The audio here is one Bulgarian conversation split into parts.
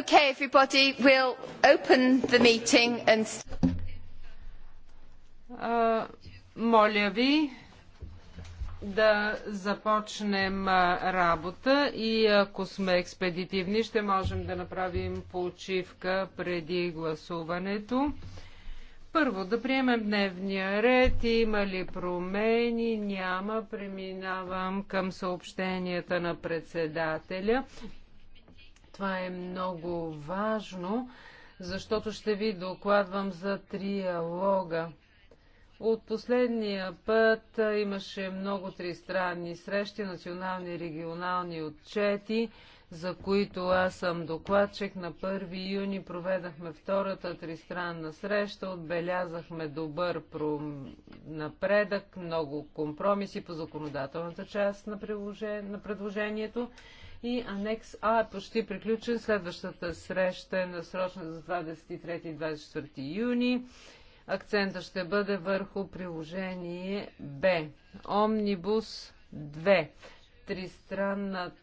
Okay, everybody, we'll open the meeting and... моля ви да започнем работа и ако сме експедитивни, ще можем да направим почивка преди гласуването. Първо, да приемем дневния ред. Има ли промени? Няма. Преминавам към съобщенията на председателя. Това е много важно, защото ще ви докладвам за триалога. От последния път имаше много тристранни срещи, национални и регионални отчети, за които аз съм докладчик. На 1 юни проведахме втората тристранна среща, отбелязахме добър напредък, много компромиси по законодателната част на, на предложението и анекс А е почти приключен. Следващата среща е насрочена за 23 24 юни. Акцента ще бъде върху приложение Б. Омнибус 2. Тристранната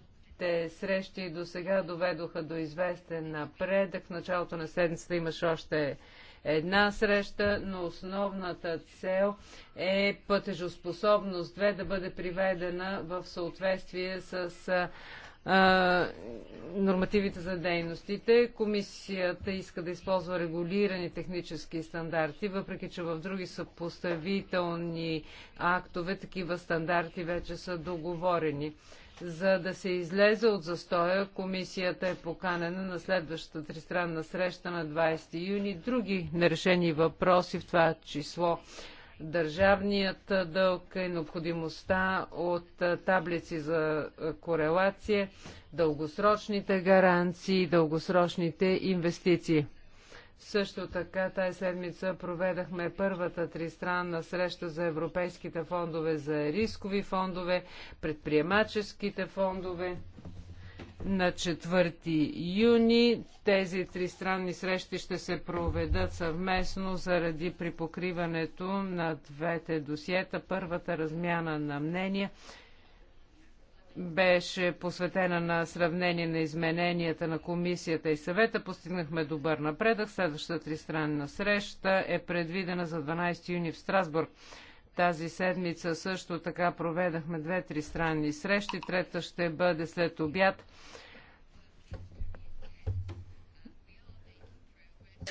срещи до сега доведоха до известен напредък. В началото на седмицата имаше още една среща, но основната цел е пътежоспособност 2 да бъде приведена в съответствие с нормативите за дейностите. Комисията иска да използва регулирани технически стандарти, въпреки че в други съпоставителни актове такива стандарти вече са договорени. За да се излезе от застоя, комисията е поканена на следващата тристранна среща на 20 юни. Други нерешени въпроси, в това число държавният дълг, необходимостта от таблици за корелация, дългосрочните гаранции, дългосрочните инвестиции. Също така тази седмица проведахме първата тристранна среща за европейските фондове, за рискови фондове, предприемаческите фондове на 4 юни. Тези тристранни срещи ще се проведат съвместно заради припокриването на двете досиета. Първата размяна на мнения беше посветена на сравнение на измененията на комисията и съвета. Постигнахме добър напредък. Следващата тристранна среща е предвидена за 12 юни в Страсбург. Тази седмица също така проведахме две-три странни срещи. Трета ще бъде след обяд.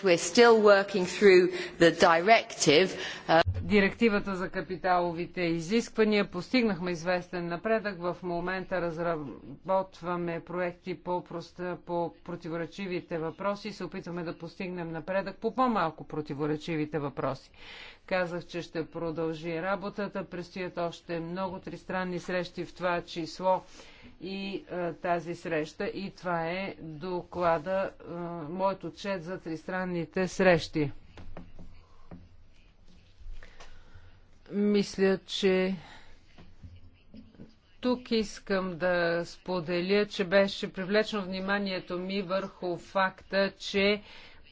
We're still working through the directive. Uh директивата за капиталовите изисквания. Постигнахме известен напредък. В момента разработваме проекти по, проста, по противоречивите въпроси и се опитваме да постигнем напредък по по-малко противоречивите въпроси. Казах, че ще продължи работата. Предстоят още много тристранни срещи в това число и а, е, тази среща. И това е доклада, а, е, моят отчет за тристранните срещи. Мисля, че тук искам да споделя, че беше привлечено вниманието ми върху факта, че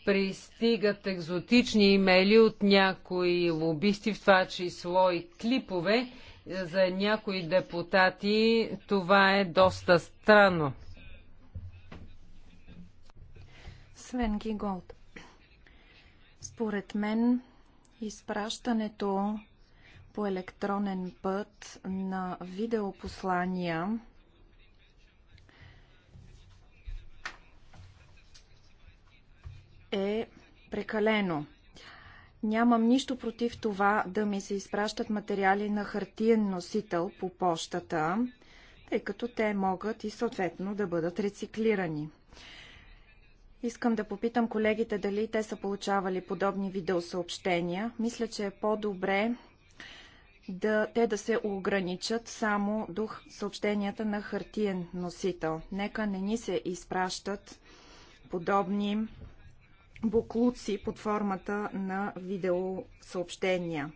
пристигат екзотични имейли от някои лобисти, в това число и клипове за някои депутати. Това е доста странно. Свен Голд. Според мен изпращането по електронен път на видеопослания е прекалено. Нямам нищо против това да ми се изпращат материали на хартиен носител по почтата, тъй като те могат и съответно да бъдат рециклирани. Искам да попитам колегите дали те са получавали подобни видеосъобщения. Мисля, че е по-добре да, те да се ограничат само до съобщенията на хартиен носител. Нека не ни се изпращат подобни буклуци под формата на видеосъобщения.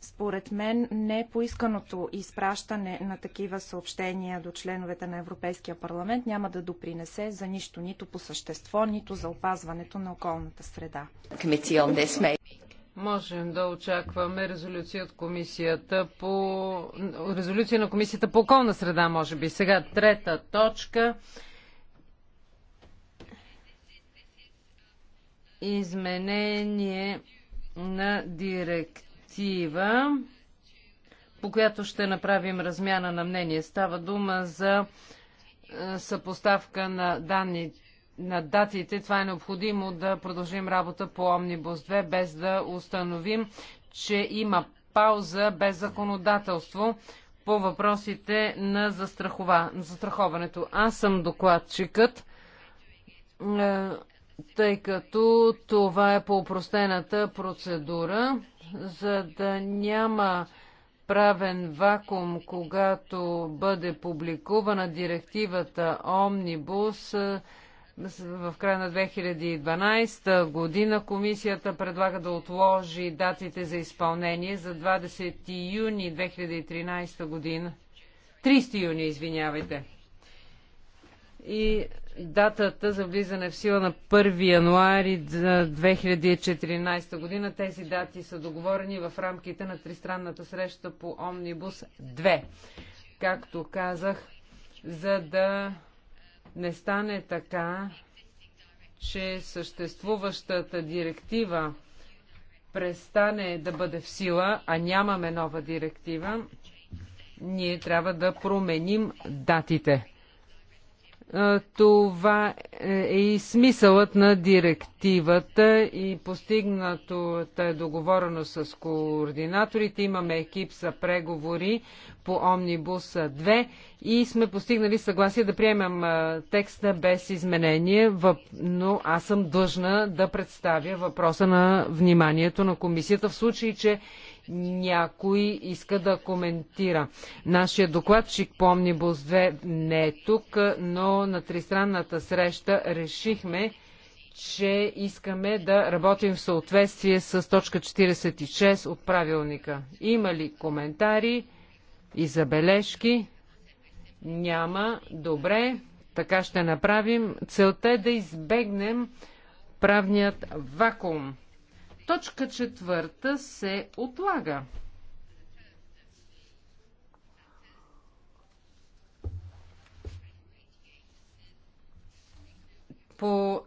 Според мен непоисканото изпращане на такива съобщения до членовете на Европейския парламент няма да допринесе за нищо, нито по същество, нито за опазването на околната среда. Можем да очакваме резолюция от комисията по... Резолюция на комисията по околна среда, може би. Сега трета точка. Изменение на директива, по която ще направим размяна на мнение. Става дума за е, съпоставка на данните на датите, това е необходимо да продължим работа по Омнибус 2, без да установим, че има пауза без законодателство по въпросите на застрахова... застраховането. Аз съм докладчикът, е, тъй като това е по упростената процедура, за да няма правен вакуум, когато бъде публикувана директивата Омнибус, е, в края на 2012 година комисията предлага да отложи датите за изпълнение за 20 юни 2013 година. 30 юни, извинявайте. И датата за влизане в сила на 1 януари 2014 година. Тези дати са договорени в рамките на тристранната среща по Омнибус 2. Както казах, за да не стане така, че съществуващата директива престане да бъде в сила, а нямаме нова директива, ние трябва да променим датите. Това е, е и смисълът на директивата и постигнатата е договорено с координаторите. Имаме екип за преговори по Омнибуса 2 и сме постигнали съгласие да приемем текста без изменение, но аз съм длъжна да представя въпроса на вниманието на комисията в случай, че някой иска да коментира. Нашия докладчик по Омнибус 2 не е тук, но на тристранната среща решихме, че искаме да работим в съответствие с точка 46 от правилника. Има ли коментари и забележки? Няма. Добре. Така ще направим. Целта е да избегнем правният вакуум. Точка четвърта се отлага. По...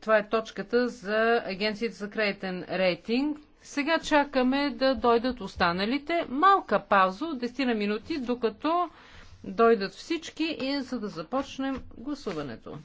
Това е точката за Агенцията за кредитен рейтинг. Сега чакаме да дойдат останалите. Малка пауза 10 на минути, докато дойдат всички и за да започнем гласуването.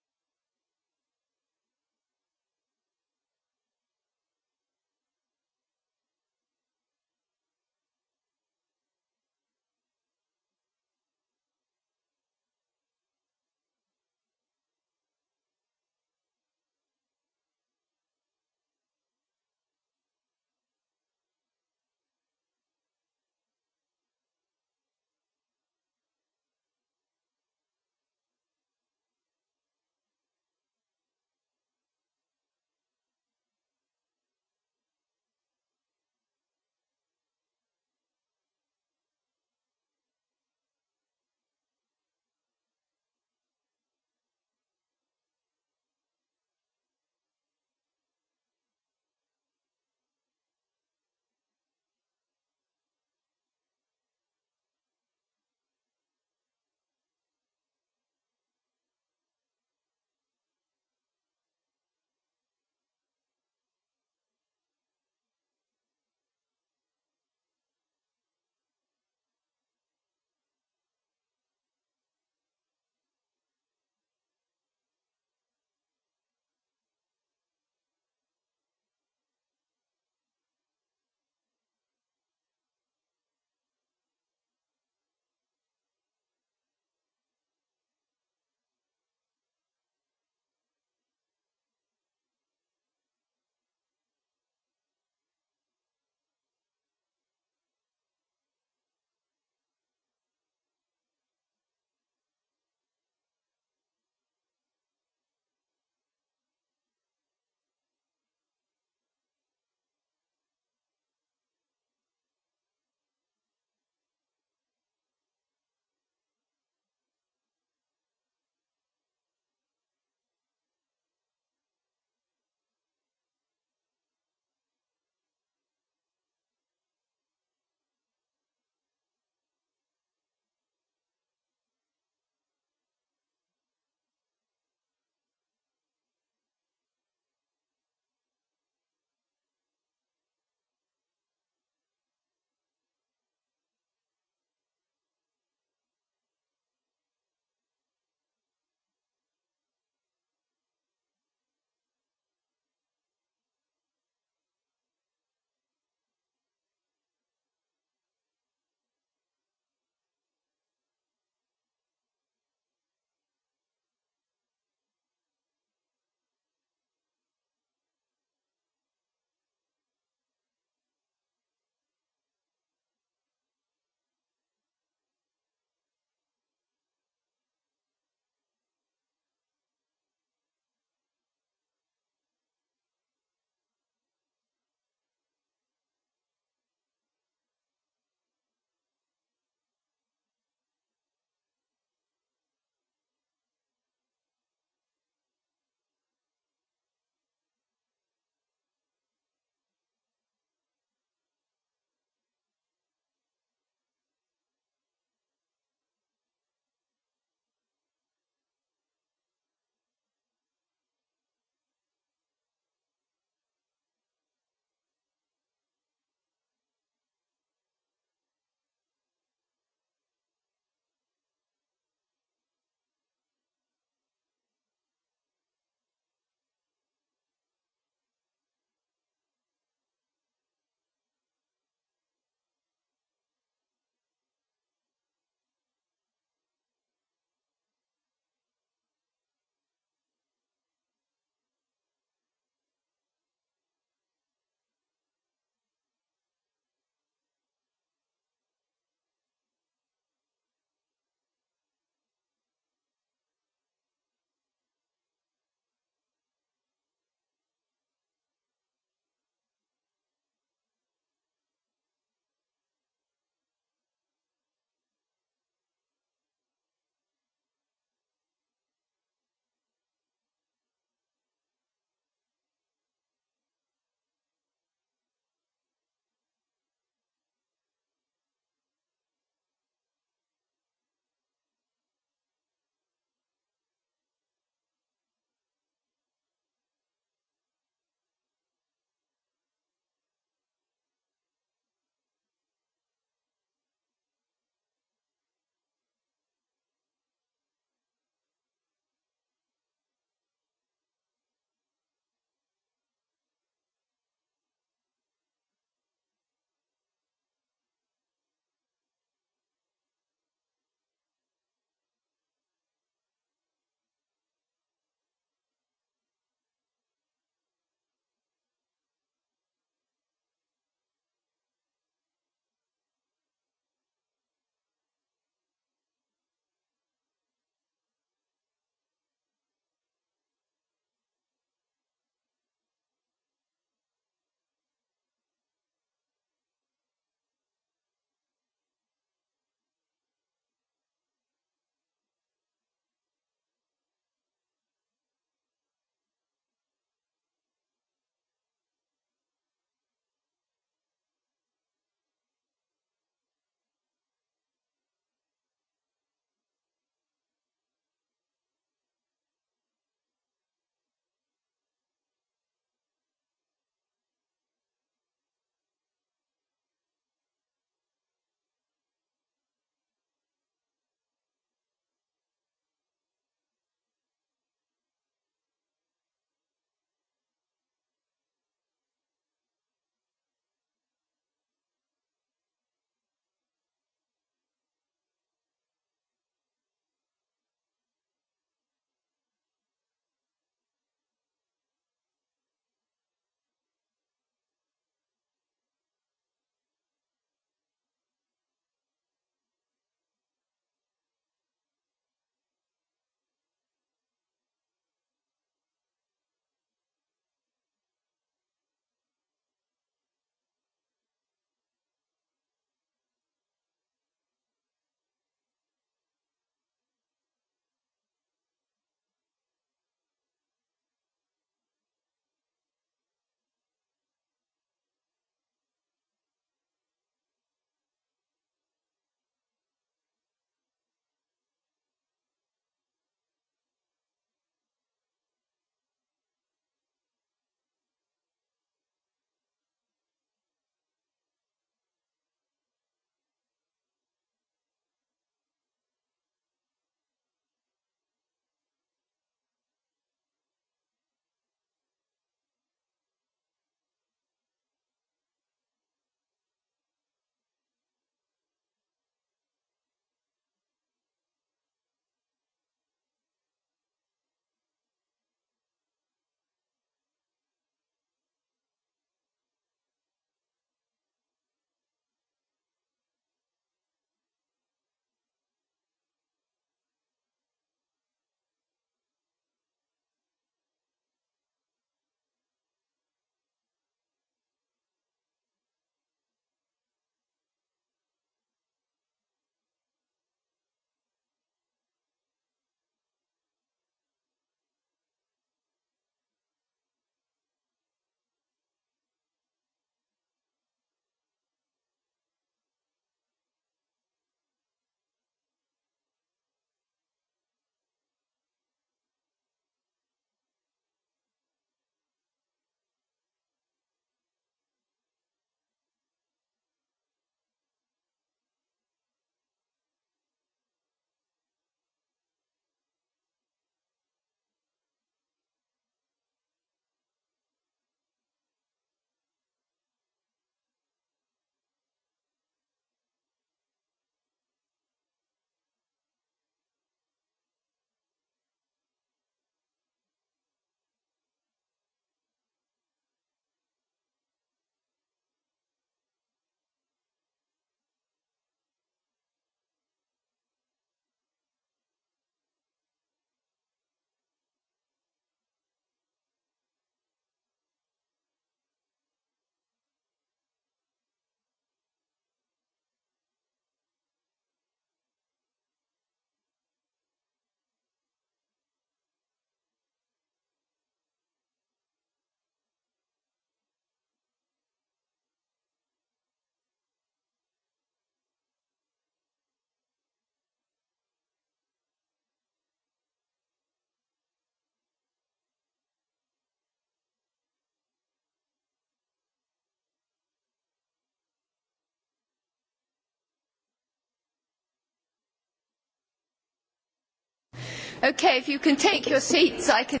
Okay, if you can take your seats, I can...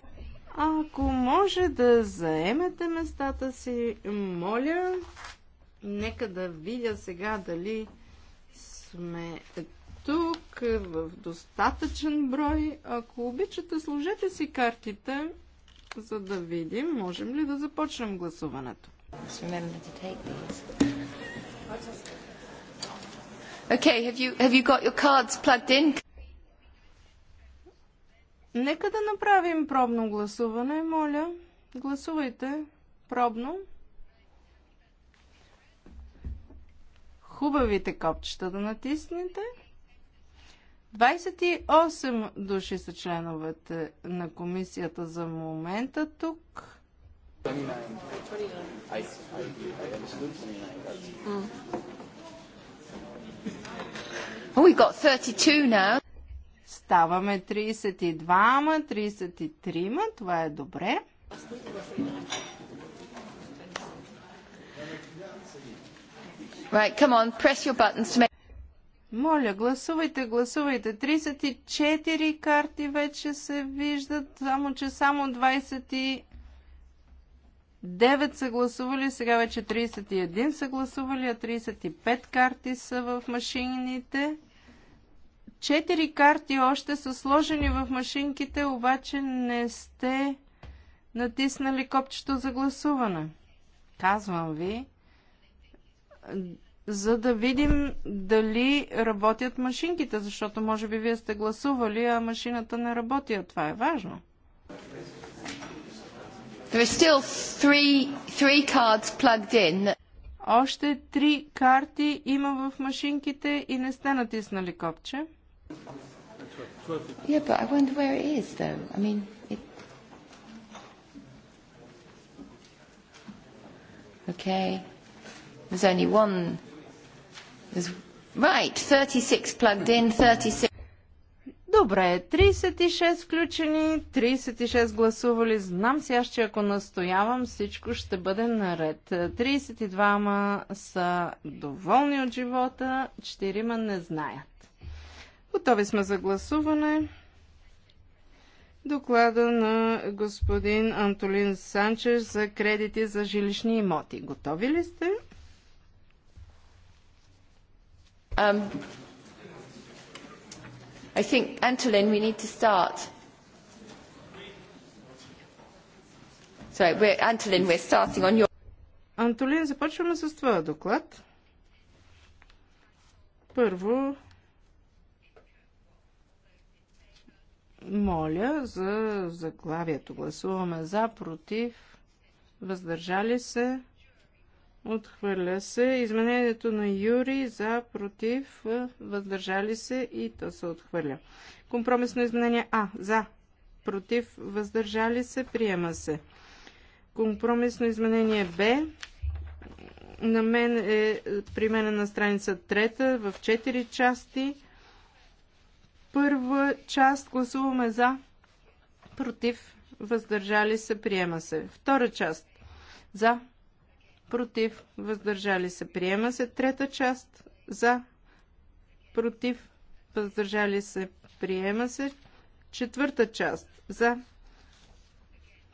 Ако може да заемете местата си, моля, нека да видя сега дали сме тук в достатъчен брой. Ако обичате, сложете си картите, за да видим, можем ли да започнем гласуването. Okay, have you, have you got your cards plugged in? Нека да направим пробно гласуване, моля. Гласувайте пробно. Хубавите копчета да натиснете. 28 души са членовете на комисията за момента тук. Oh, we got 32 now. Ставаме 32-ма, 33-ма, това е добре. Right, come on, press your buttons to make... Моля, гласувайте, гласувайте. 34 карти вече се виждат, само че само 29 са гласували, сега вече 31 са гласували, а 35 карти са в машините. Четири карти още са сложени в машинките, обаче не сте натиснали копчето за гласуване. Казвам ви, за да видим дали работят машинките, защото може би вие сте гласували, а машината не работи, а това е важно. There are still three, three cards plugged in. Още три карти има в машинките и не сте натиснали копче. Yeah, but I wonder where it is, though. I mean, it. Okay. There's only one. There's... Right, 36 plugged in, 36. Добре, 36 включени, 36 гласували. Знам си аз, че ако настоявам, всичко ще бъде наред. 32 са доволни от живота, 4 не знаят. Готови сме за гласуване. Доклада на господин Антолин Санчеш за кредити за жилищни имоти. Готови ли сте? Um, I think, Antolin, we need to start. Sorry, we're, Antolin, we're starting on your... Антолин, започваме с твоя доклад. Първо, Моля за заглавието. Гласуваме за, против, въздържали се, отхвърля се. Изменението на Юри за, против, въздържали се и то се отхвърля. Компромисно изменение А. За, против, въздържали се, приема се. Компромисно изменение Б. На мен е, при мен е на страница 3 в 4 части. Първа част гласуваме за, против, въздържали се, приема се. Втора част за, против, въздържали се, приема се. Трета част за, против, въздържали се, приема се. Четвърта част за,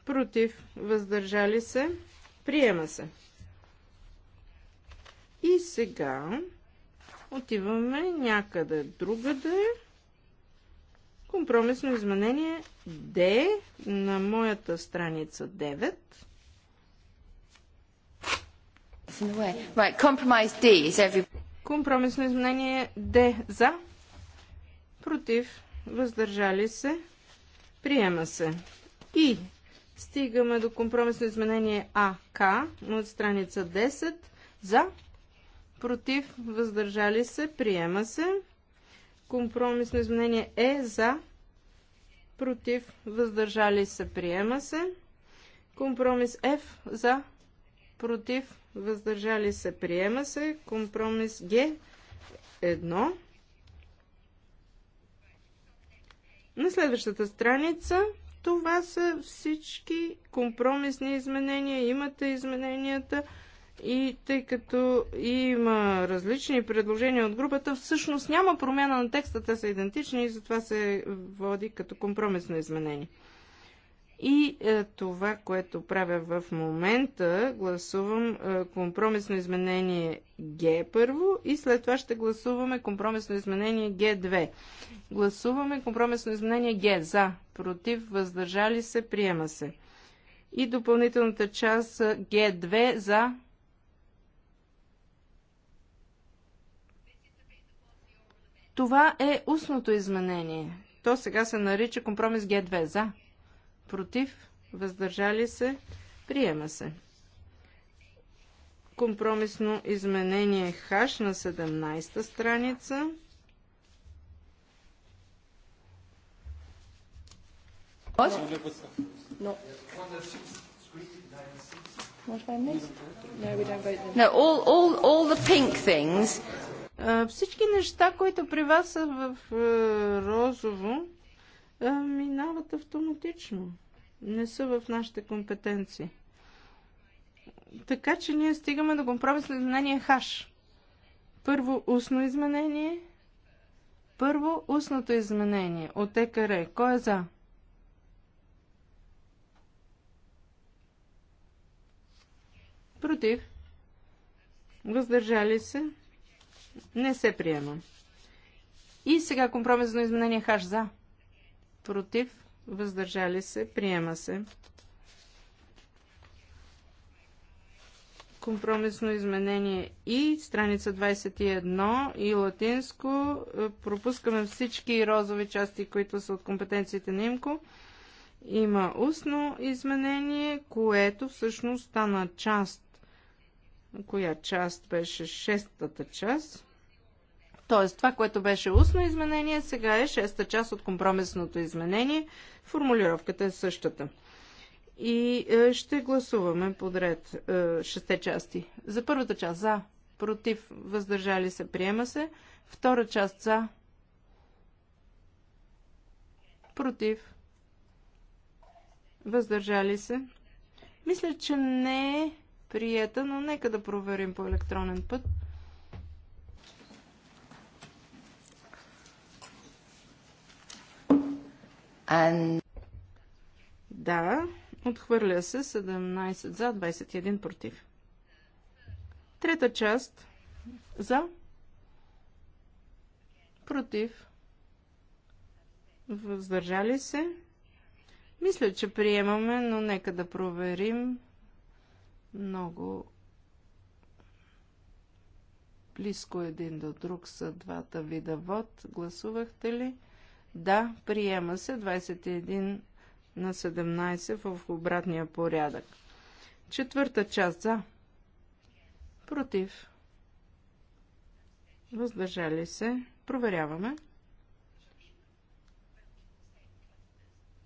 против, въздържали се, приема се. И сега отиваме някъде другаде. Да Компромисно изменение D на моята страница 9. Компромисно изменение D за, против, въздържали се, приема се. И стигаме до компромисно изменение АК от страница 10 за, против, въздържали се, приема се. Компромисно изменение е за, против, въздържали се, приема се. Компромис F за, против, въздържали се, приема се. Компромис Г едно. На следващата страница това са всички компромисни изменения. Имате измененията и тъй като има различни предложения от групата, всъщност няма промяна на текста, те са идентични и затова се води като компромисно изменение. И е, това, което правя в момента, гласувам е, компромисно изменение Г първо и след това ще гласуваме компромисно изменение Г2. Гласуваме компромисно изменение Г за, против, въздържали се, приема се. И допълнителната част Г2 за, Това е устното изменение. То сега се нарича компромис Г2. За. Против. Въздържали се. Приема се. Компромисно изменение Х на 17-та страница. No. No, all, all, all the pink things всички неща, които при вас са в розово, минават автоматично. Не са в нашите компетенции. Така че ние стигаме до компромисно изменение хаш. Първо устно изменение. Първо устното изменение от ЕКР. Кой е за? Против. Въздържали се. Не се приема. И сега компромисно изменение хаш за. Против. Въздържали се. Приема се. компромисно изменение и страница 21 и латинско. Пропускаме всички розови части, които са от компетенциите на имко. Има устно изменение, което всъщност стана част. Коя част беше шестата част? Тоест, това, което беше устно изменение, сега е шеста част от компромисното изменение. Формулировката е същата. И е, ще гласуваме подред е, шесте части. За първата част за, против, въздържали се, приема се. Втора част за, против, въздържали се. Мисля, че не е прията, но нека да проверим по електронен път. And... Да, отхвърля се 17 за, 21 против. Трета част за, против, въздържали се. Мисля, че приемаме, но нека да проверим много близко един до друг са двата вида вод. Гласувахте ли? Да, приема се 21 на 17 в обратния порядък. Четвърта част за. Против. Въздържали се. Проверяваме.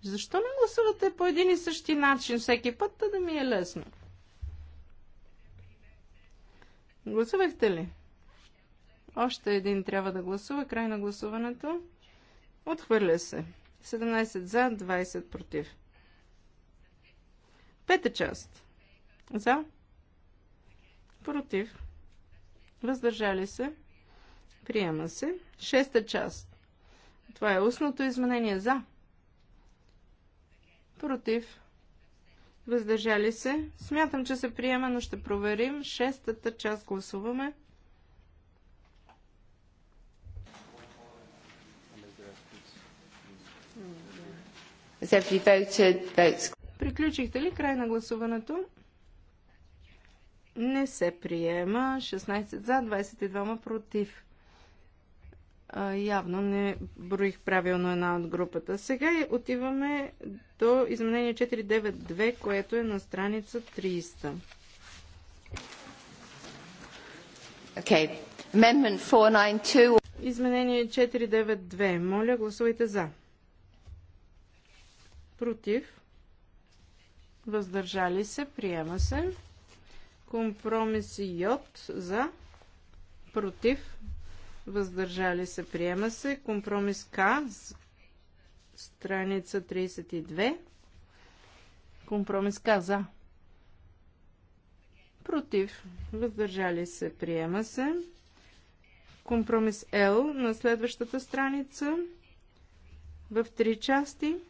Защо не гласувате по един и същи начин всеки път, да ми е лесно? Гласувахте ли? Още един трябва да гласува. Край на гласуването. Отхвърля се. 17 за, 20 против. Пета част. За. Против. Въздържали се. Приема се. Шеста част. Това е устното изменение за. Против. Въздържали се. Смятам, че се приема, но ще проверим. Шестата част гласуваме. Приключихте ли край на гласуването? Не се приема. 16 за, 22 против. А, явно не броих правилно една от групата. Сега отиваме до изменение 492, което е на страница 300. Okay. Amendment 492. Изменение 492. Моля, гласувайте за против, въздържали се, приема се. Компромис йод за, против, въздържали се, приема се. Компромис К, страница 32. Компромис К за, против, въздържали се, приема се. Компромис Л на следващата страница в три части –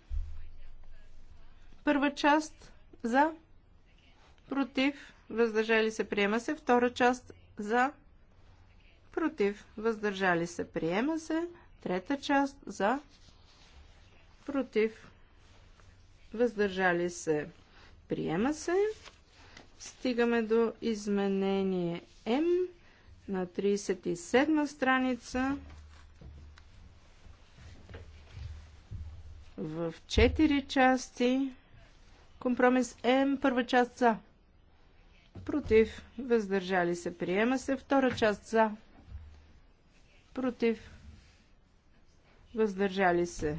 Първа част за, против, въздържали се, приема се. Втора част за, против, въздържали се, приема се. Трета част за, против, въздържали се, приема се. Стигаме до изменение М на 37 страница. в 4 части. Компромис М, първа част за. Против. Въздържали се. Приема се. Втора част за. Против. Въздържали се.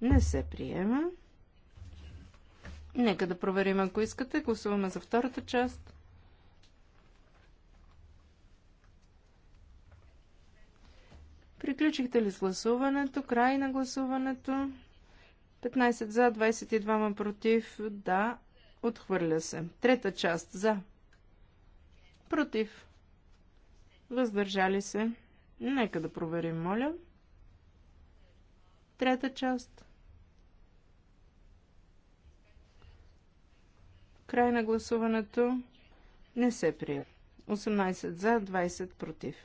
Не се приема. Нека да проверим, ако искате. Гласуваме за втората част. Приключихте ли с гласуването? Край на гласуването. 15 за, 22 против, да, отхвърля се. Трета част за, против, въздържали се. Нека да проверим, моля. Трета част. Край на гласуването не се прие. 18 за, 20 против.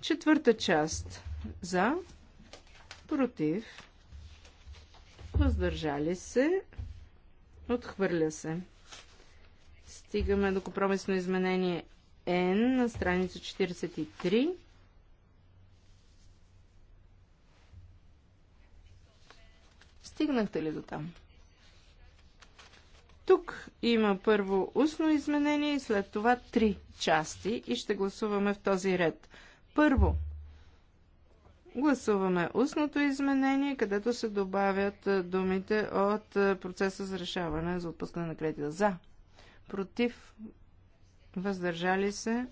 Четвърта част за, против, въздържали се, отхвърля се. Стигаме до компромисно изменение N на страница 43. Стигнахте ли до там? Тук има първо устно изменение и след това три части и ще гласуваме в този ред. Първо, Гласуваме устното изменение, където се добавят думите от процеса за решаване за отпускане на кредита. За. Против. Въздържали се.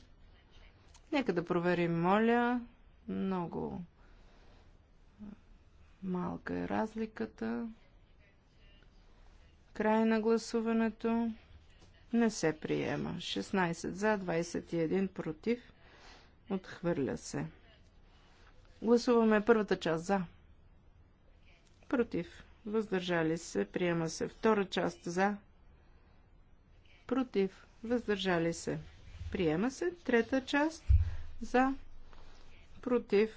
Нека да проверим, моля. Много малка е разликата. Край на гласуването. Не се приема. 16 за, 21 против. Отхвърля се. Гласуваме първата част за. Против. Въздържали се. Приема се. Втора част за. Против. Въздържали се. Приема се. Трета част за. Против.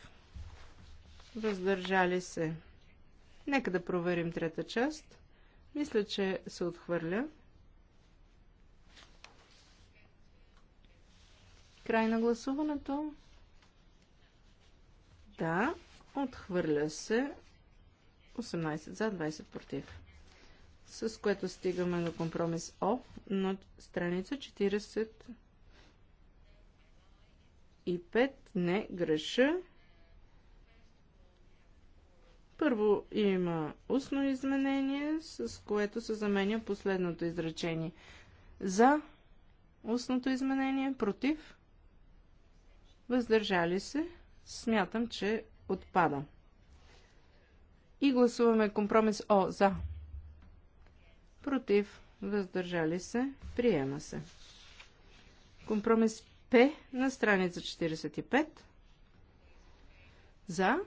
Въздържали се. Нека да проверим трета част. Мисля, че се отхвърля. Край на гласуването. Да, отхвърля се 18 за, 20 против. С което стигаме до компромис О на страница 40 и 5. Не греша. Първо има устно изменение, с което се заменя последното изречение. За устното изменение, против, въздържали се смятам, че отпада. И гласуваме компромис О за. Против. Въздържали се. Приема се. Компромис П на страница 45. За.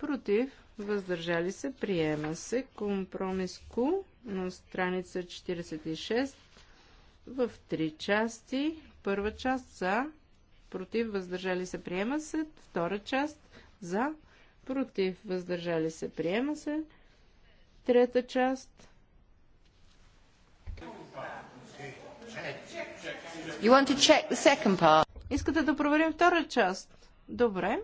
Против. Въздържали се. Приема се. Компромис Q на страница 46 в три части. Първа част за против, въздържали се, приема се. Втора част, за, против, въздържали се, приема се. Трета част. You want to check the second part? Искате да проверим втора част? Добре.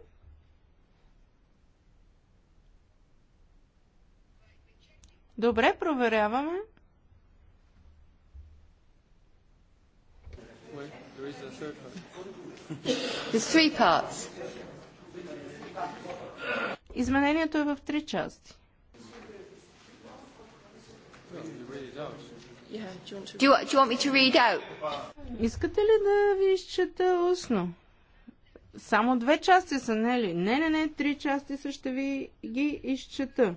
Добре, проверяваме. Wait, There is a third There's three parts. Изменението е в три части. Do you, do you want me to read out? Искате ли да ви изчета устно? Само две части са, не ли? Не, не, не, три части са, ще ви ги изчета.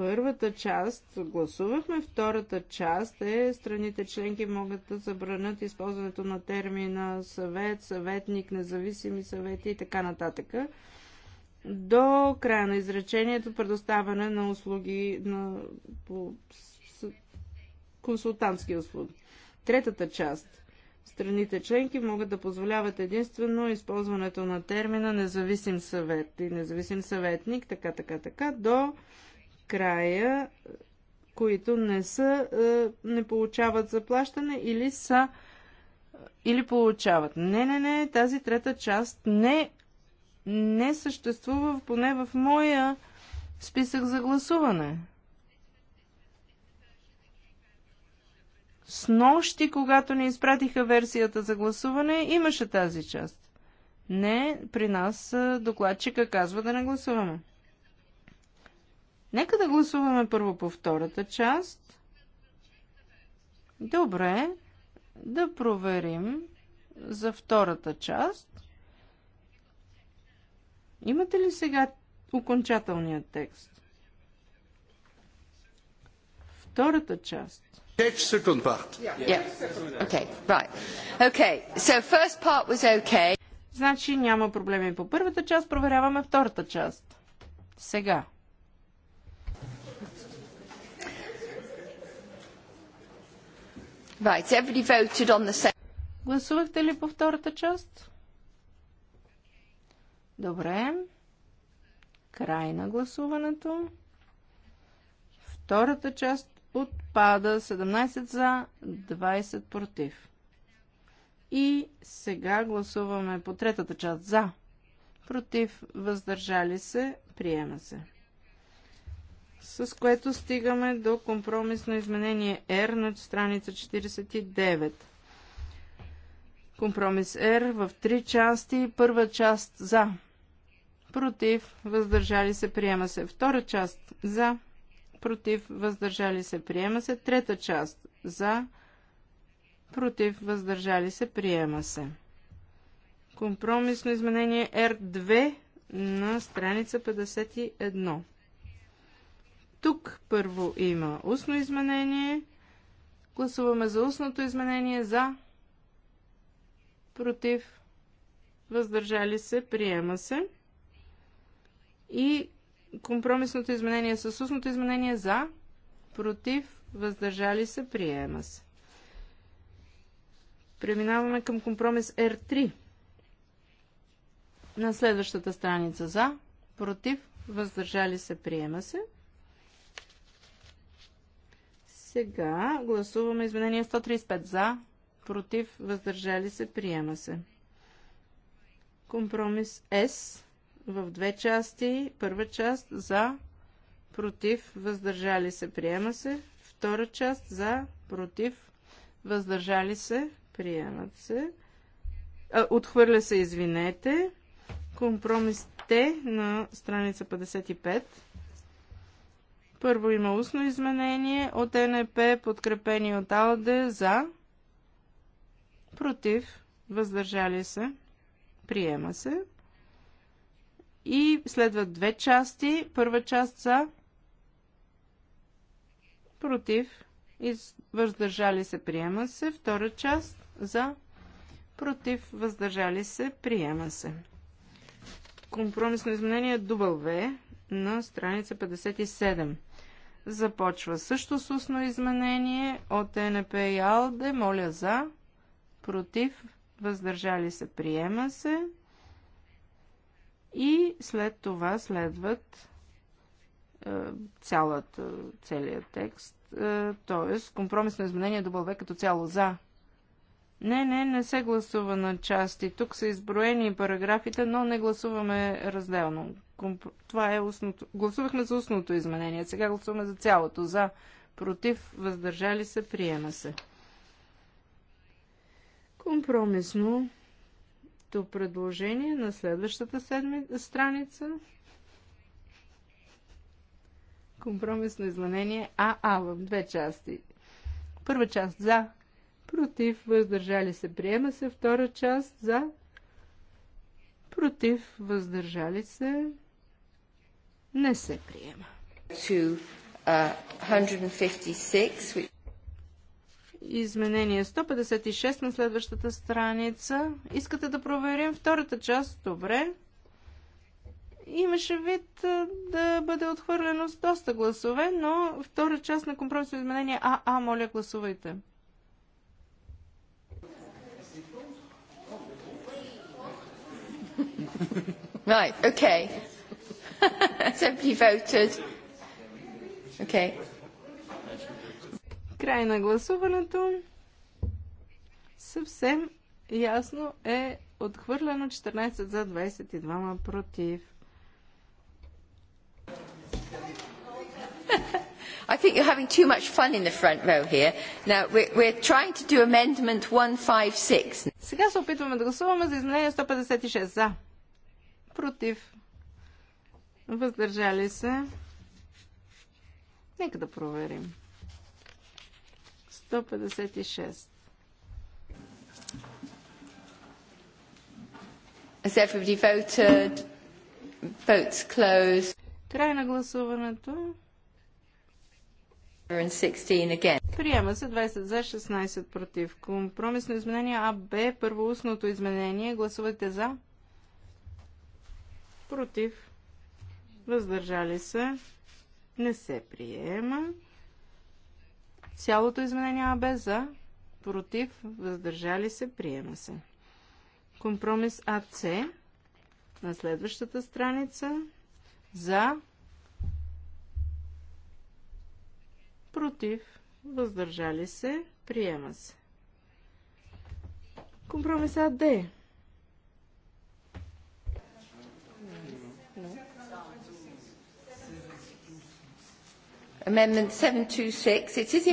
Първата част гласувахме, втората част е страните членки могат да забранят използването на термина съвет, съветник, независими съвети и така нататък. До края на изречението предоставяне на услуги на по, с, консултантски услуги. Третата част. Страните членки могат да позволяват единствено използването на термина независим съвет и независим съветник, така, така, така, до края, които не са, е, не получават заплащане или са е, или получават. Не, не, не, тази трета част не, не съществува поне в моя списък за гласуване. С нощи, когато ни изпратиха версията за гласуване, имаше тази част. Не, при нас е, докладчика казва да не гласуваме. Нека да гласуваме първо по втората част. Добре, да проверим за втората част. Имате ли сега окончателният текст? Втората част. Значи няма проблеми по първата част, проверяваме втората част. Сега. Right, everybody voted on the second. Гласувахте ли по втората част? Добре. Край на гласуването. Втората част отпада 17 за, 20 против. И сега гласуваме по третата част за. Против, въздържали се, приема се с което стигаме до компромисно изменение R на страница 49. Компромис R в три части. Първа част за, против, въздържали се, приема се. Втора част за, против, въздържали се, приема се. Трета част за, против, въздържали се, приема се. Компромисно изменение R2 на страница 51. Тук първо има устно изменение. Гласуваме за устното изменение за, против, въздържали се, приема се. И компромисното изменение с устното изменение за, против, въздържали се, приема се. Преминаваме към компромис R3. На следващата страница за, против, въздържали се, приема се. Сега гласуваме изменение 135 за, против, въздържали се, приема се. Компромис С в две части. Първа част за, против, въздържали се, приема се. Втора част за, против, въздържали се, приемат се. А, отхвърля се, извинете. Компромис Т на страница 55. Първо има устно изменение от НП, подкрепени от АЛДЕ за, против, въздържали се, приема се. И следват две части. Първа част за, против, въздържали се, приема се. Втора част за, против, въздържали се, приема се. Компромисно изменение W на страница 57. Започва също с устно изменение от НП и АЛДЕ. Моля за, против, въздържали се, приема се. И след това следват е, цялата, целият текст, Тоест т.е. компромисно изменение добъл като цяло за, не, не, не се гласува на части. Тук са изброени параграфите, но не гласуваме разделно. Това е устното. Гласувахме за устното изменение. Сега гласуваме за цялото. За, против, въздържали се, приема се. Компромисно то предложение на следващата седми... страница. Компромисно изменение АА в две части. Първа част за, против, въздържали се, приема се. Втора част за, против, въздържали се, не се приема. Uh, изменение 156 на следващата страница. Искате да проверим втората част? Добре. Имаше вид да бъде отхвърлено с доста гласове, но втора част на компромисно изменение АА, моля гласувайте. Край на гласуването. Съвсем ясно е отхвърлено 14 за 22 против. I think you're having too much fun in the front row here. Now, we're, we're trying to do amendment 156. Сега се опитваме да гласуваме за изменение 156. За против, въздържали се. Нека да проверим. 156. Has everybody voted? Votes closed. Край на гласуването. Приема се 20 за 16 против. Компромисно изменение АБ. Първо устното изменение. Гласувайте за против, въздържали се, не се приема. Цялото изменение АБ за, против, въздържали се, приема се. Компромис АЦ на следващата страница за, против, въздържали се, приема се. Компромис АД Amendment 726. It is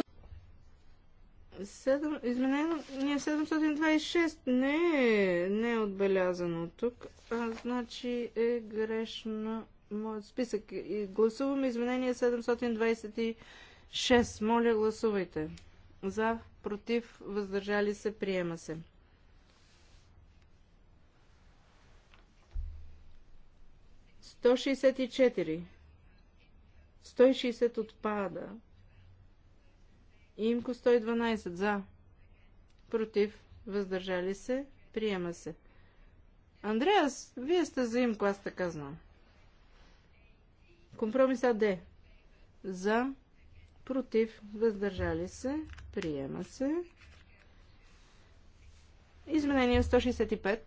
изменение 726 не е, не е отбелязано тук, а значи е грешно моят списък. Е- и гласуваме изменение 726. Моля, гласувайте. За, против, въздържали се, приема се. Сто 160 отпада. Имко 112 за. Против. Въздържали се. Приема се. Андреас, вие сте за имко, аз така знам. Компромис АД. За. Против. Въздържали се. Приема се. Изменение 165.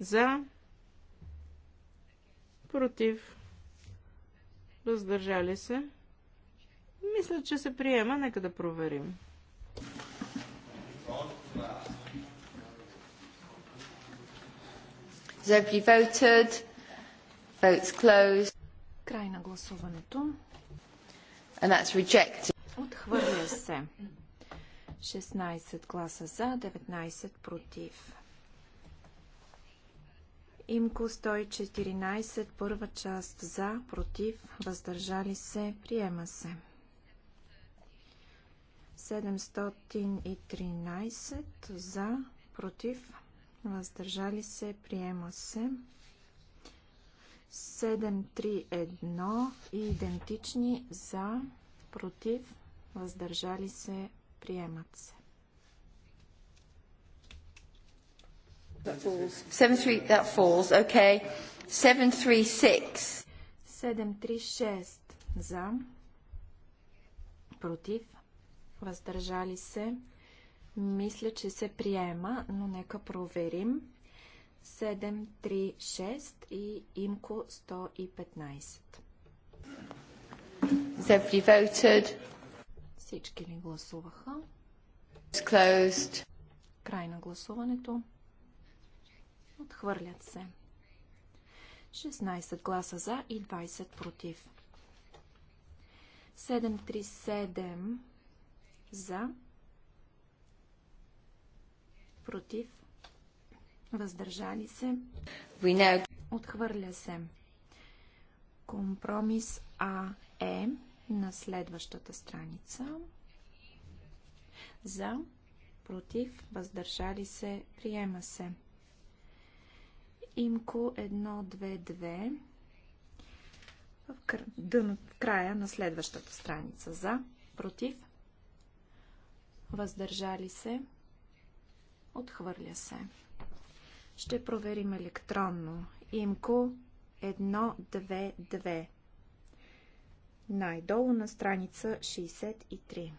За. Против Въздържали се? Мисля, че се приема. Нека да проверим. Край на гласуването. Отхвърля се. 16 гласа за, 19 против. Имко 114, първа част за, против, въздържали се, приема се. 713 за, против, въздържали се, приема се. 731 и идентични за, против, въздържали се, приемат се. That falls. 7-3, that falls, okay. 736. за, против, въздържали се. Мисля, че се приема, но нека проверим. 736 и имко 115. Всички ни гласуваха? Край на гласуването. Отхвърлят се. 16 гласа за и 20 против. 737 за, против, въздържали се. Отхвърля се. Компромис А е на следващата страница. За, против, въздържали се, приема се. Имко 122 в края на следващата страница. За, против, въздържали се, отхвърля се. Ще проверим електронно. Имко 122. Най-долу на страница 63.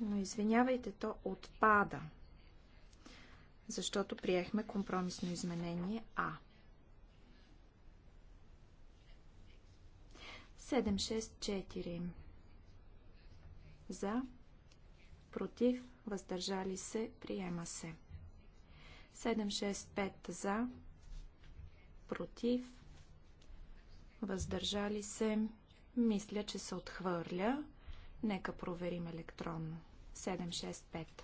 Но извинявайте, то отпада защото приехме компромисно изменение А. 764 за, против, въздържали се, приема се. 765 за, против, въздържали се, мисля, че се отхвърля. Нека проверим електронно. 765.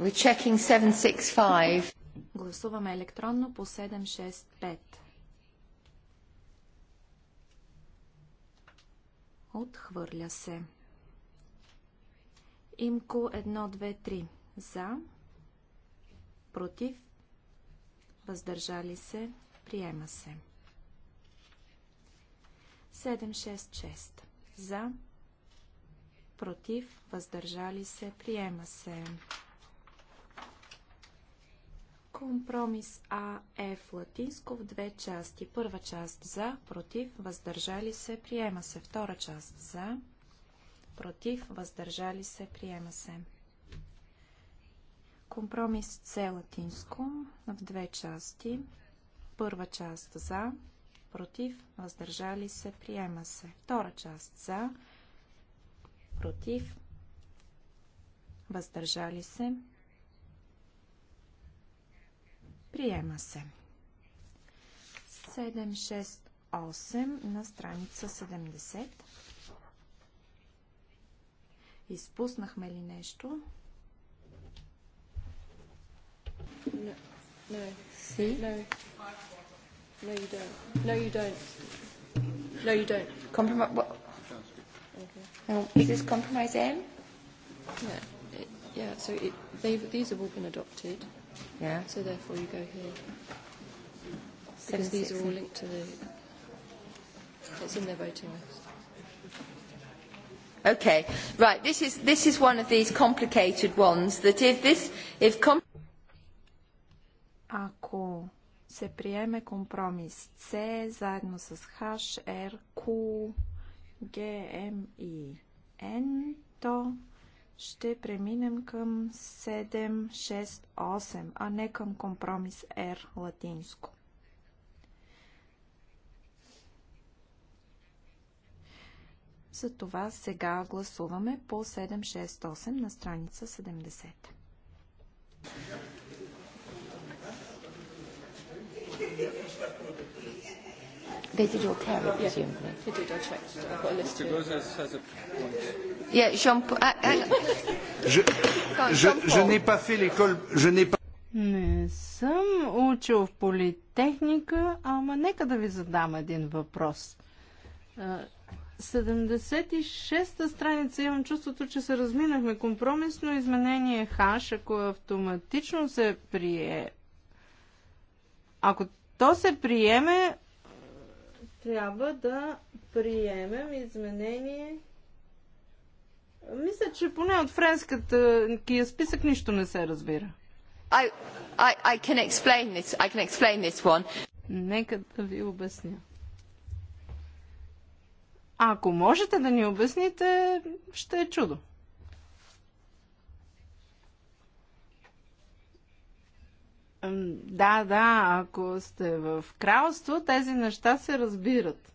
We're checking 765. Гласуваме електронно по 765. Отхвърля се. Имко 1, 2, 3. За. Против. Въздържали се. Приема се. 766. За. Против. Въздържали се. Приема се. Компромис А е в латинско в две части. Първа част за, против, въздържали се, приема се. Втора част за, против, въздържали се, приема се. Компромис С е латинско в две части. Първа част за, против, въздържали се, приема се. Втора част за, против, въздържали се, Приема се. 768 на страница 70. Изпуснахме ли нещо? No, no. See? No. No, you don't. No, you don't. No, you don't. Compromise. What? Okay. Um, is this compromise M? Yeah. It, yeah. So it, they've, these have all been adopted. Yeah. So therefore you go here. Because these are all linked to the... It's in their voting list. Okay, right, this is, this is one of these complicated ones that if this... If com- Ако се приеме компромис C заедно с H, R, Q, G, M и N, то ще преминем към 7, 6, 8, а не към компромис R латинско. Затова сега гласуваме по 7, 6, 8 на страница 70. Thank you. They did your carry, presumably. They did. I checked. I've got a list. Mr. Yeah, Jean Paul. Uh, uh, je, je, je n'ai pas fait l'école. Je n'ai pas. Не съм учил в политехника, ама нека да ви задам един въпрос. 76-та страница имам чувството, че се разминахме. Компромисно изменение хаш, ако автоматично се прие... Ако то се приеме, трябва да приемем изменение. Мисля, че поне от френската кия списък нищо не се разбира. I, I, I can explain this. I can explain this one. Нека да ви обясня. Ако можете да ни обясните, ще е чудо. Да, да, ако сте в кралство, тези неща се разбират.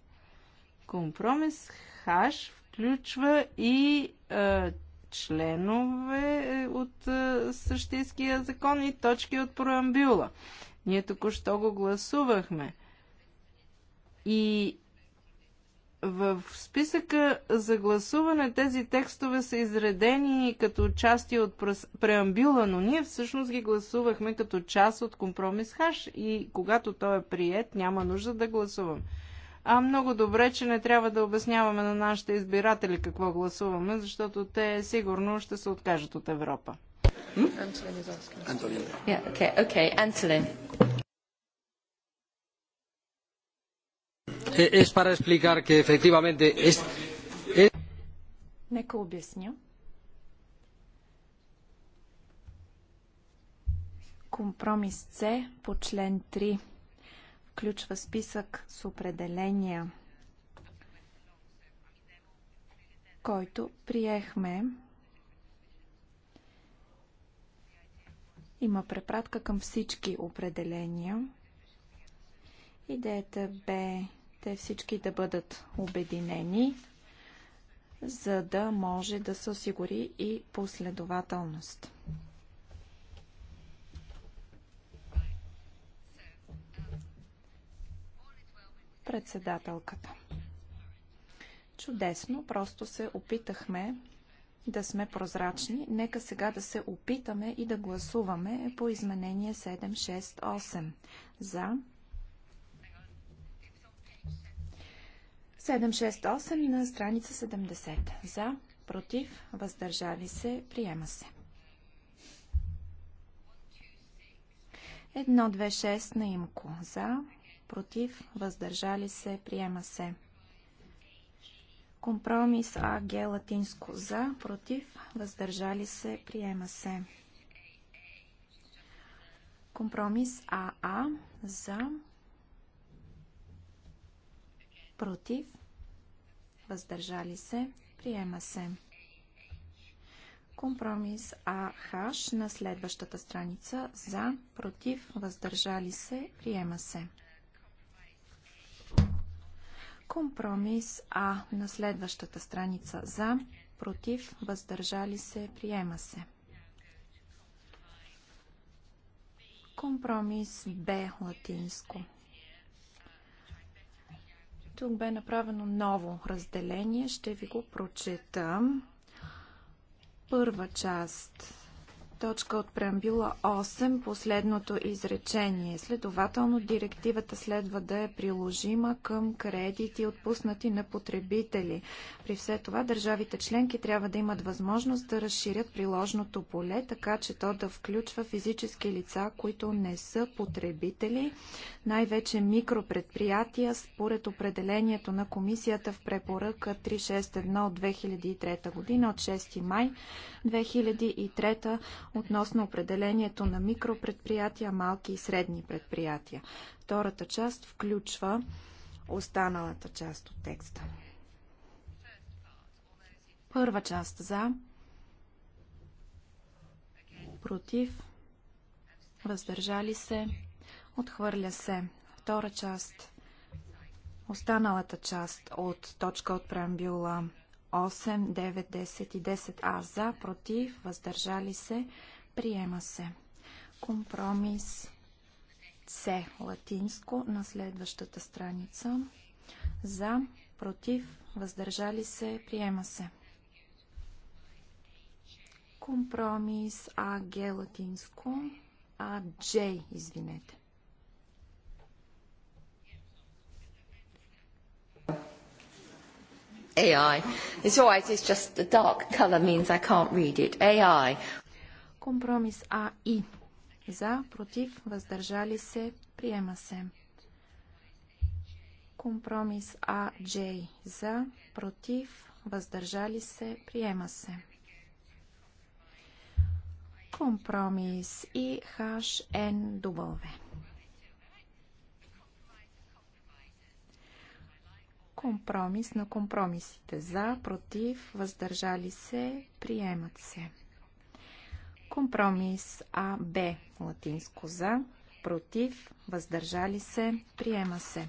Компромис хаш включва и е, членове от е, същинския закон и точки от проамбюла. Ние току-що го гласувахме. И в списъка за гласуване тези текстове са изредени като части от преамбюла, но ние всъщност ги гласувахме като част от компромис хаш и когато той е прият, няма нужда да гласувам. А много добре, че не трябва да обясняваме на нашите избиратели какво гласуваме, защото те сигурно ще се откажат от Европа. Антолин. Yeah, okay, okay. es para explicar que efectivamente es... Нека обясня. Компромис С по член 3 включва списък с определения, който приехме. Има препратка към всички определения. Идеята бе те всички да бъдат обединени, за да може да се осигури и последователност. Председателката. Чудесно, просто се опитахме да сме прозрачни. Нека сега да се опитаме и да гласуваме по изменение 768. За 768 на страница 70. За, против, въздържали се, приема се. 126 на имко. За, против, въздържали се, приема се. Компромис АГ латинско за, против, въздържали се, приема се. Компромис АА за, против, въздържали се, приема се. Компромис АХ на следващата страница за, против, въздържали се, приема се. Компромис А на следващата страница за, против, въздържали се, приема се. Компромис Б латинско тук бе направено ново разделение. Ще ви го прочета. Първа част точка от преамбюла 8, последното изречение. Следователно, директивата следва да е приложима към кредити, отпуснати на потребители. При все това, държавите членки трябва да имат възможност да разширят приложното поле, така че то да включва физически лица, които не са потребители, най-вече микропредприятия, според определението на комисията в препоръка 361 от 2003 година, от 6 май 2003 година относно определението на микропредприятия, малки и средни предприятия. Втората част включва останалата част от текста. Първа част за, против, въздържали се, отхвърля се. Втора част, останалата част от точка от преамбюла 8, 9, 10 и 10а за, против, въздържали се, приема се. Компромис С, латинско, на следващата страница. За, против, въздържали се, приема се. Компромис АГ латинско, А АДЖ, извинете. AI. It's all right, it's just the dark color means I can't read it. AI. Компромис АИ. За, против, въздържали се, приема се. Компромис АД. За, против, въздържали се, приема се. Компромис ИХНВ. Компромис на компромисите. За, против, въздържали се, приемат се. Компромис А, Б, латинско за, против, въздържали се, приема се.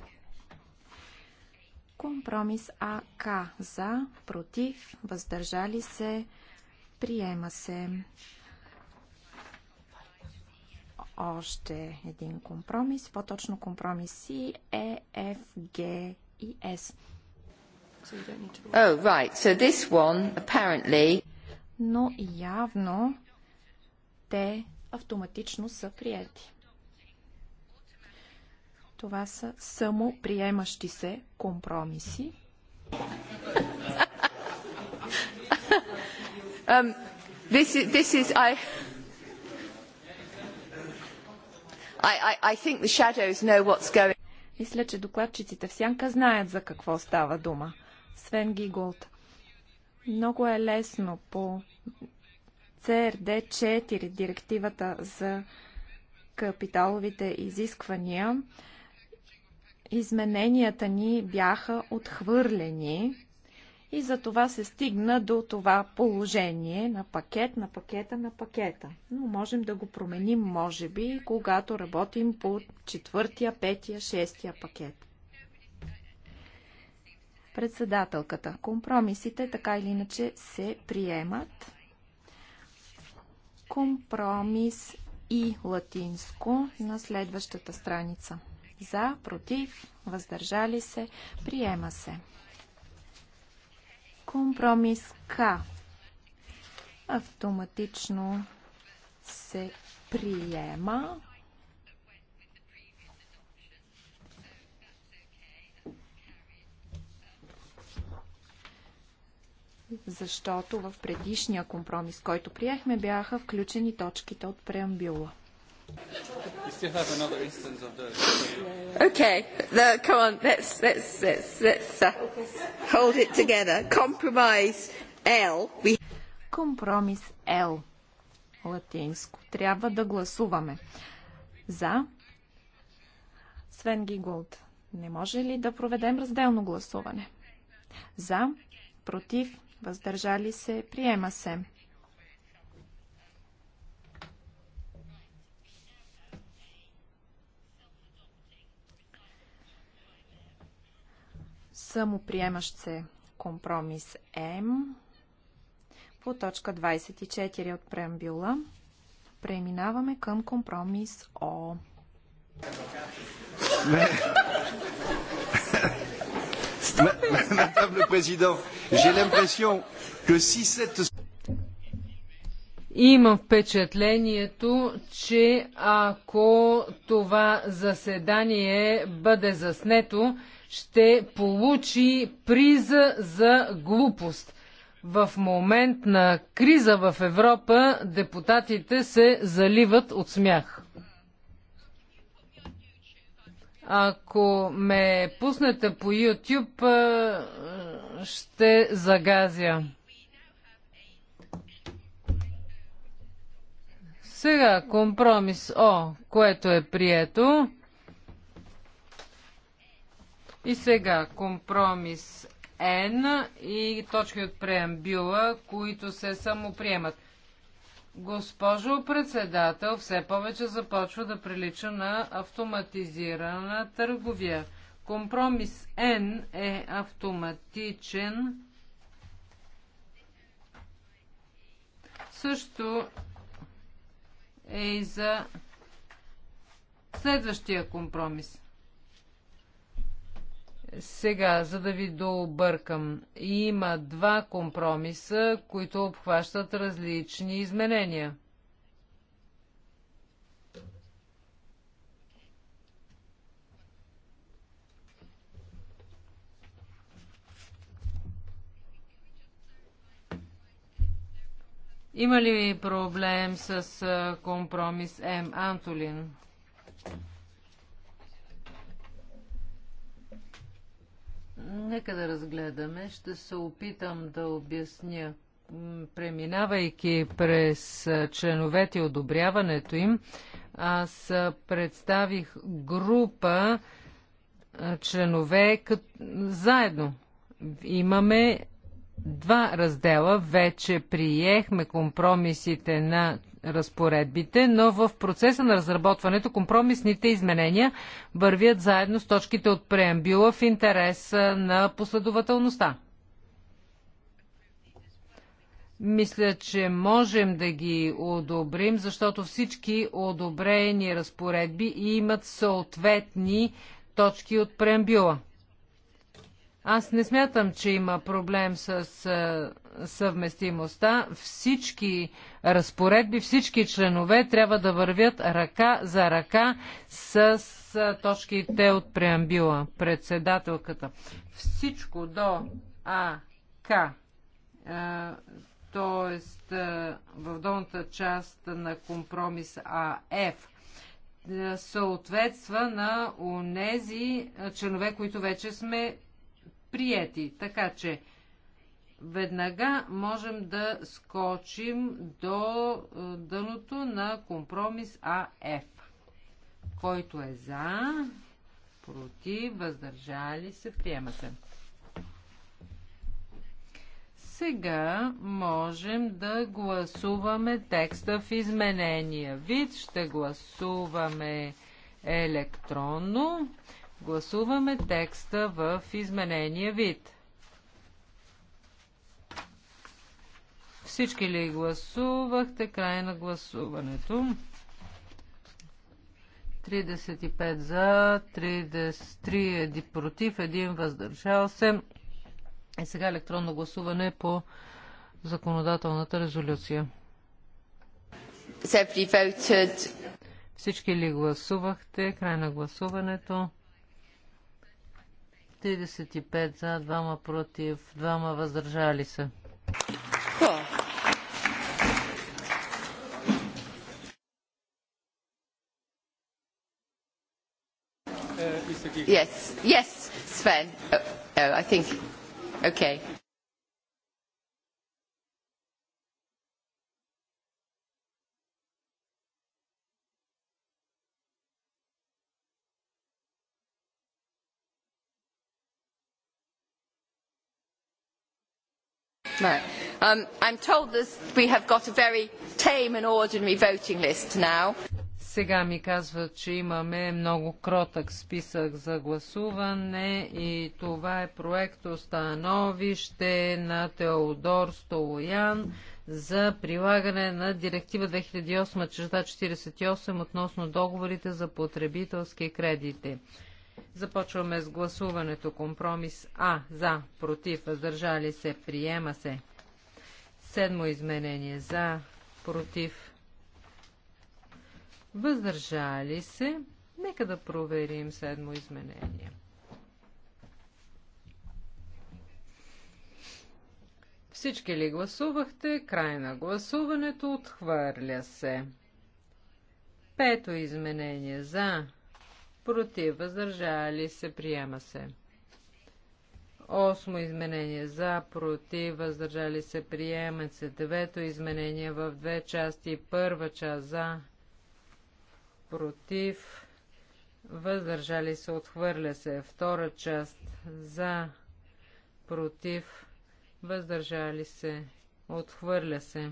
Компромис АК за, против, въздържали се, приема се. Още един компромис, по-точно компромиси Е, Ф, Г, и С. Oh, right. So this one, apparently... Но явно те автоматично са приети. Това са само приемащи се компромиси. um, this is, this is, I... I, I, I think the shadows know what's going мисля, че докладчиците в сянка знаят за какво става дума. Свен Гиголт. Много е лесно по CRD4, директивата за капиталовите изисквания, измененията ни бяха отхвърлени. И за това се стигна до това положение на пакет, на пакета, на пакета. Но можем да го променим, може би, когато работим по четвъртия, петия, шестия пакет. Председателката. Компромисите така или иначе се приемат. Компромис и латинско на следващата страница. За, против, въздържали се, приема се. Компромис К автоматично се приема. защото в предишния компромис, който приехме, бяха включени точките от преамбюла. Okay, no, come on, let's, let's, let's, let's uh, hold it together. Compromise L. We... Compromise L. Латинско. Трябва да гласуваме. За. Свен Гиголд. Не може ли да проведем разделно гласуване? За. Против. Въздържали се. Приема се. Самоприемащ се компромис М по точка 24 от преамбюла. Преминаваме към компромис О. Имам впечатлението, че ако това заседание бъде заснето, ще получи приза за глупост. В момент на криза в Европа депутатите се заливат от смях. Ако ме пуснете по YouTube, ще загазя. Сега компромис О, което е прието. И сега компромис N и точки от преамбюла, които се самоприемат. Госпожо председател, все повече започва да прилича на автоматизирана търговия. Компромис N е автоматичен. Също е и за следващия компромис. Сега, за да ви дообъркам, има два компромиса, които обхващат различни изменения. Има ли проблем с компромис М. Антолин? Нека да разгледаме. Ще се опитам да обясня. Преминавайки през членовете и одобряването им, аз представих група членове заедно. Имаме два раздела. Вече приехме компромисите на разпоредбите, но в процеса на разработването компромисните изменения вървят заедно с точките от преамбюла в интерес на последователността. Мисля, че можем да ги одобрим, защото всички одобрени разпоредби имат съответни точки от преамбюла. Аз не смятам, че има проблем с съвместимостта. Всички разпоредби, всички членове трябва да вървят ръка за ръка с точките от преамбила. Председателката. Всичко до АК, т.е. в долната част на компромис АФ, съответства на онези членове, които вече сме приети. Така че веднага можем да скочим до е, дъното на компромис АФ, който е за, против, въздържали се, приема се. Сега можем да гласуваме текста в изменения вид. Ще гласуваме електронно. Гласуваме текста в изменения вид. Всички ли гласувахте? Край на гласуването. 35 за, 33 против, 1 въздържал се. И сега електронно гласуване по законодателната резолюция. Всички ли гласувахте? Край на гласуването. 35 за, 2 против, 2 въздържали се. Yes, yes, Sven. Oh, oh, I think. Okay. Um, I'm told that we have got a very tame and ordinary voting list now. Сега ми казват, че имаме много кротък списък за гласуване и това е проекто становище на Теодор Столоян за прилагане на директива 2008 48 относно договорите за потребителски кредити. Започваме с гласуването. Компромис А. За. Против. Въздържали се. Приема се. Седмо изменение. За. Против. Въздържали се. Нека да проверим седмо изменение. Всички ли гласувахте? Край на гласуването отхвърля се. Пето изменение за, против, въздържали се, приема се. Осмо изменение за, против, въздържали се, приема се. Девето изменение в две части. Първа част за, против, въздържали се, отхвърля се. Втора част за, против, въздържали се, отхвърля се.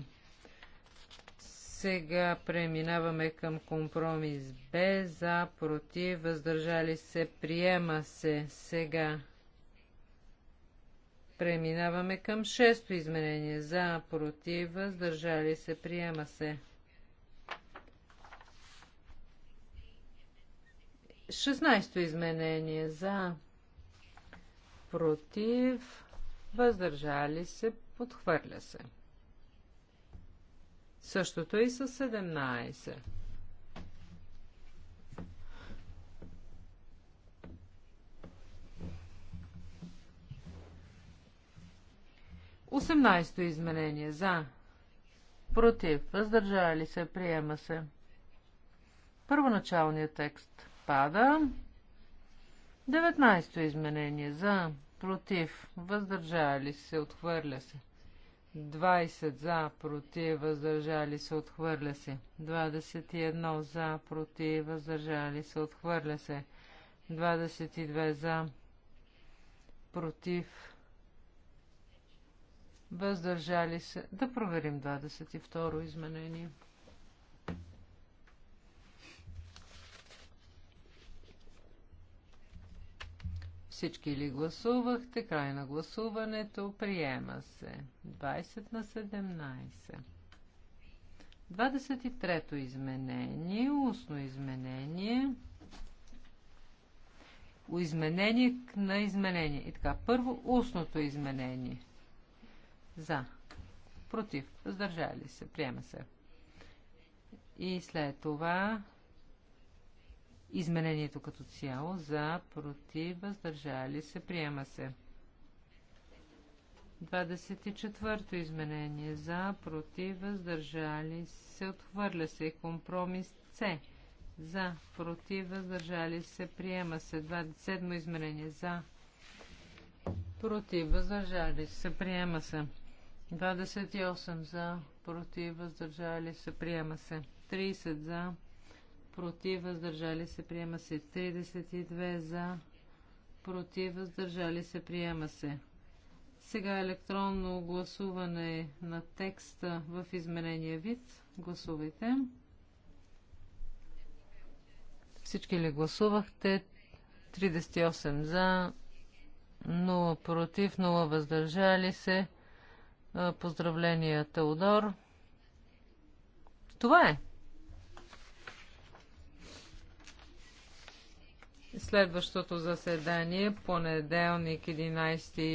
Сега преминаваме към компромис Б. За, против, въздържали се, приема се. Сега преминаваме към шесто изменение. За, против, въздържали се, приема се. 16-то изменение за против, въздържали се, подхвърля се. Същото е и с 17. Осемнайсто изменение. За. Против. Въздържали се. Приема се. Първоначалният текст пада. 19 изменение. За. Против. Въздържали се. Отхвърля се. 20 за, против, въздържали се, отхвърля се. 21 за, против, въздържали се, отхвърля се. 22 за, против, въздържали се. Да проверим 22 изменение. Всички ли гласувахте? Край на гласуването. Приема се. 20 на 17. 23-то изменение, устно изменение, изменение на изменение. И така, първо устното изменение. За. Против. Въздържали се. Приема се. И след това изменението като цяло, за, против, въздържали се, приема се. 24-то изменение, за, против, въздържали се, отхвърля се, компромис С, за, против, въздържали се, приема се. 27-то изменение, за, против, въздържали се, приема се. 28 за, против, въздържали се, приема се. 30 за, против, въздържали се, приема се. 32 за, против, въздържали се, приема се. Сега електронно гласуване на текста в изменения вид. Гласувайте. Всички ли гласувахте? 38 за, 0 против, 0 въздържали се. Поздравления, Теодор. Това е. Следващото заседание понеделник 11